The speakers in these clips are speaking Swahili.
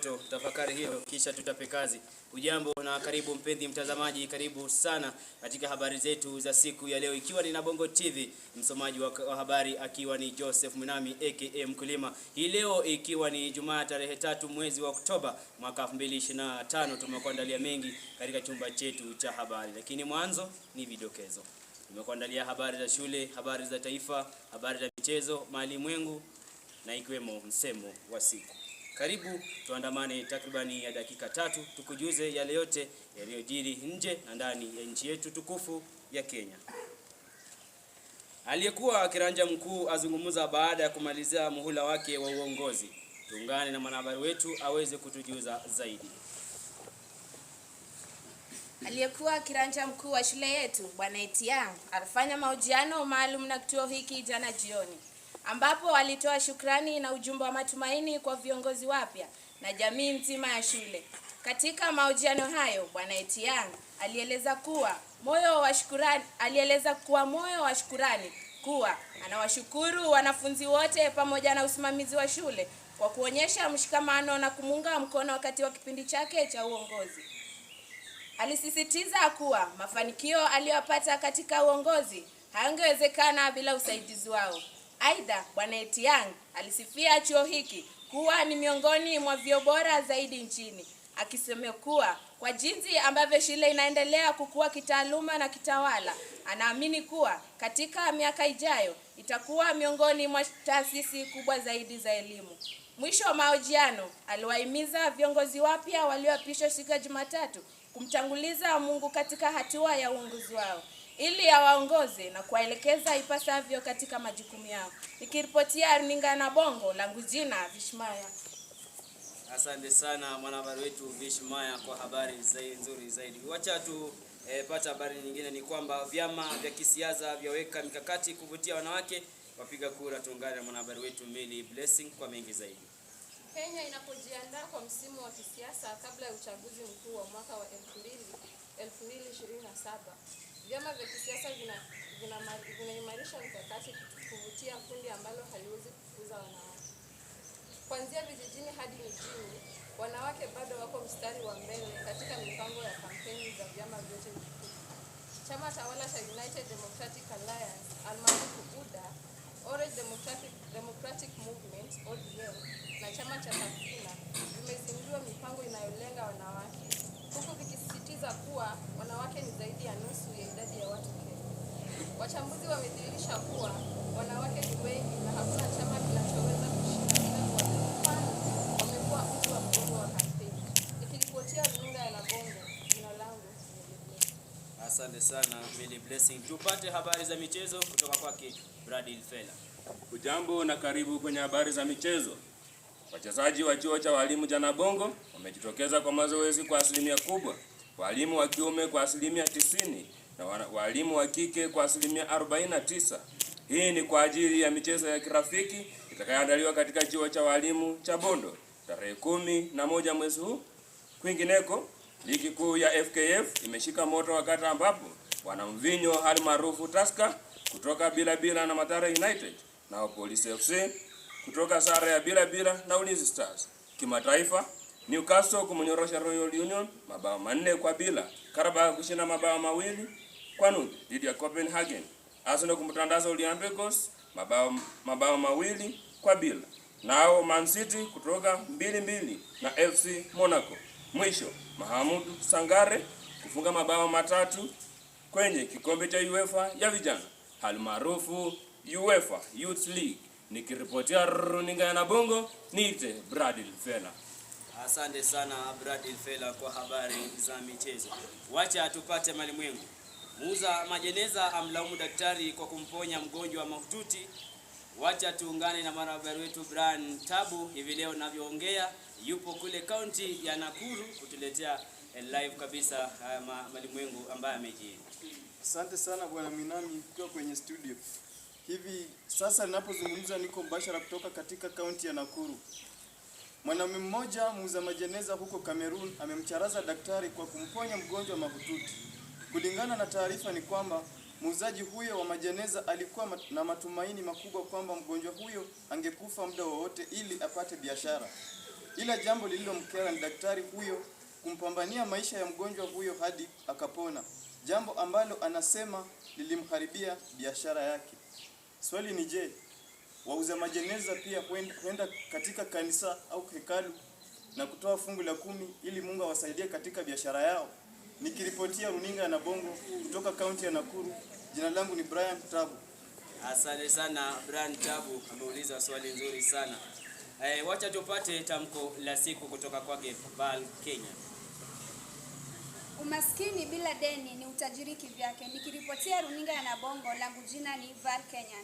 ndoto. Tafakari hilo kisha tutape kazi. Ujambo na karibu mpenzi mtazamaji, karibu sana katika habari zetu za siku ya leo, ikiwa ni na Bongo TV, msomaji wa habari akiwa ni Joseph Mwinami aka Mkulima. Hii leo ikiwa ni Ijumaa tarehe tatu mwezi wa Oktoba mwaka 2025, tumekuandalia mengi katika chumba chetu cha habari, lakini mwanzo ni vidokezo. Tumekuandalia habari za shule, habari za taifa, habari za michezo, mali mwengu na ikiwemo msemo wa siku. Karibu tuandamane takribani ya dakika tatu, tukujuze yale yote yaliyojiri nje na ndani ya nchi yetu tukufu ya Kenya. Aliyekuwa kiranja mkuu azungumza baada ya kumalizia muhula wake wa uongozi. Tuungane na mwanahabari wetu aweze kutujuza zaidi. Aliyekuwa kiranja mkuu wa shule yetu Bwana Etiang alifanya mahojiano maalum na kituo hiki jana jioni ambapo walitoa shukrani na ujumbe wa matumaini kwa viongozi wapya na jamii nzima ya shule. Katika mahojiano hayo, Bwana Etiang alieleza kuwa moyo wa shukrani, alieleza kuwa moyo wa shukrani kuwa anawashukuru wanafunzi wote pamoja na usimamizi wa shule kwa kuonyesha mshikamano na kumuunga mkono wakati wa kipindi chake cha uongozi. Alisisitiza kuwa mafanikio aliyopata katika uongozi hayangewezekana bila usaidizi wao. Aidha, Bwana Etiang alisifia chuo hiki kuwa ni miongoni mwa vyuo bora zaidi nchini, akisema kuwa kwa jinsi ambavyo shule inaendelea kukua kitaaluma na kitawala, anaamini kuwa katika miaka ijayo itakuwa miongoni mwa taasisi kubwa zaidi za elimu. Mwisho wa mahojiano, aliwahimiza viongozi wapya walioapishwa siku ya Jumatatu kumtanguliza Mungu katika hatua ya uongozi wao ili awaongoze na kuwaelekeza ipasavyo katika majukumu yao. Nikiripotia runinga na Bongo, langu jina Vishmaya. Asante sana mwanahabari wetu Vishmaya kwa habari zaidi nzuri zaidi. Wacha tu e, pata habari nyingine ni kwamba vyama vya kisiasa vyaweka mikakati kuvutia wanawake wapiga kura. Tuungane na mwanahabari wetu Mili Blessing kwa mengi zaidi. Kenya inapojiandaa kwa msimu wa kisiasa kabla ya uchaguzi mkuu wa mwaka wa 2027 Vyama vya kisiasa vinaimarisha mkakati kuvutia kundi ambalo haliwezi kukuza wanawake. Kuanzia vijijini hadi mijini, wanawake bado wako mstari wa mbele katika mipango ya kampeni za vyama vyote vikuu. Chama tawala cha United Democratic Alliance Wachambuzi wamedhihirisha kuwa wanawake ni wengi na hakuna chama kinachoweza kushinda wamekuwa uti wa mgongo wa kampeni. Nikiripotia runinga ya Nabongo, jina langu Asante sana Mili Blessing. Tupate habari za michezo kutoka kwake Bradil Fela. Ujambo na karibu kwenye habari za michezo. Wachezaji wa chuo cha walimu cha Nabongo wamejitokeza kwa mazoezi kwa asilimia kubwa, walimu wa kiume kwa asilimia tisini na walimu wa kike kwa asilimia 49. Hii ni kwa ajili ya michezo ya kirafiki itakayoandaliwa katika chuo cha walimu cha Bondo tarehe kumi na moja mwezi huu. Kwingineko, ligi kuu ya FKF imeshika moto wakati ambapo wanamvinyo halmaarufu Taska kutoka bila bila na Mathare United na Police FC kutoka sare ya bila bila na Ulinzi Stars. Kimataifa, Newcastle kumnyorosha Royal Union mabao manne kwa bila, Karabao kushinda mabao mawili kwanu dhidi ya Copenhagen. Arsenal kumtandaza Olympiacos mabao mabao mawili kwa bila. Nao Man City kutoka mbili mbili na FC Monaco. Mwisho mahamudu Sangare kufunga mabao matatu kwenye kikombe cha UEFA ya vijana halmaarufu UEFA Youth League. Nikiripotia runinga ya Nabongo, niite Bradil Fela. Asante sana Bradil Fela kwa habari za michezo. Wacha tupate malimwengu. Muuza majeneza amlaumu daktari kwa kumponya mgonjwa mahututi. Wacha tuungane na mwanahabari wetu Brian Tabu hivi leo navyoongea, yupo kule kaunti ya Nakuru kutuletea live kabisa malimwengu ambaye amejii Asante sana bwana Minami, kwa kwenye studio hivi sasa. Ninapozungumza niko mbashara kutoka katika kaunti ya Nakuru. Mwanamume mmoja muuza majeneza huko Kamerun amemcharaza daktari kwa kumponya mgonjwa mahututi. Kulingana na taarifa ni kwamba muuzaji huyo wa majeneza alikuwa na matumaini makubwa kwamba mgonjwa huyo angekufa muda wowote ili apate biashara, ila jambo lililomkera ni daktari huyo kumpambania maisha ya mgonjwa huyo hadi akapona, jambo ambalo anasema lilimharibia biashara yake. Swali ni je, wauza majeneza pia huenda katika kanisa au hekalu na kutoa fungu la kumi ili Mungu awasaidie katika biashara yao? nikiripotia runinga na Bongo kutoka kaunti ya Nakuru. Jina langu ni Brian Tabu. Asante sana Brian Tabu, ameuliza swali nzuri sana. E, wacha tupate tamko la siku kutoka kwake Val Kenya. Umaskini bila deni ni utajiri kivyake. Nikiripotia runinga ya Nabongo, langu jina ni Val Kenya.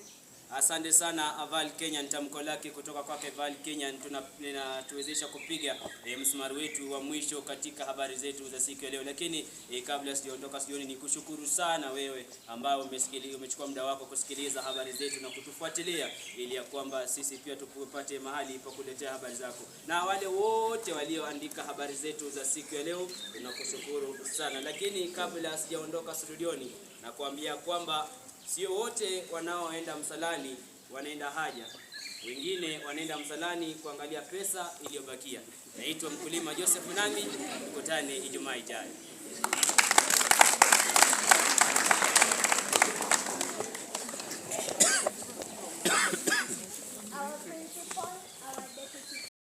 Asante sana Val Kenyan, tamko lake kutoka kwake Aval Kenyan tunatuwezesha kupiga e, msumari wetu wa mwisho katika habari zetu za siku ya leo. Lakini e, kabla sijaondoka studioni, ni kushukuru sana wewe ambao umesikiliza, umechukua muda wako kusikiliza habari zetu na kutufuatilia, ili ya kwamba sisi pia tupate mahali pa kuletea habari zako, na wale wote walioandika habari zetu za siku ya leo tunakushukuru sana. Lakini kabla sijaondoka studioni, nakwambia kwamba Sio wote wanaoenda msalani wanaenda haja, wengine wanaenda msalani kuangalia pesa iliyobakia. Naitwa mkulima Joseph, nami tukutane Ijumaa ijayo.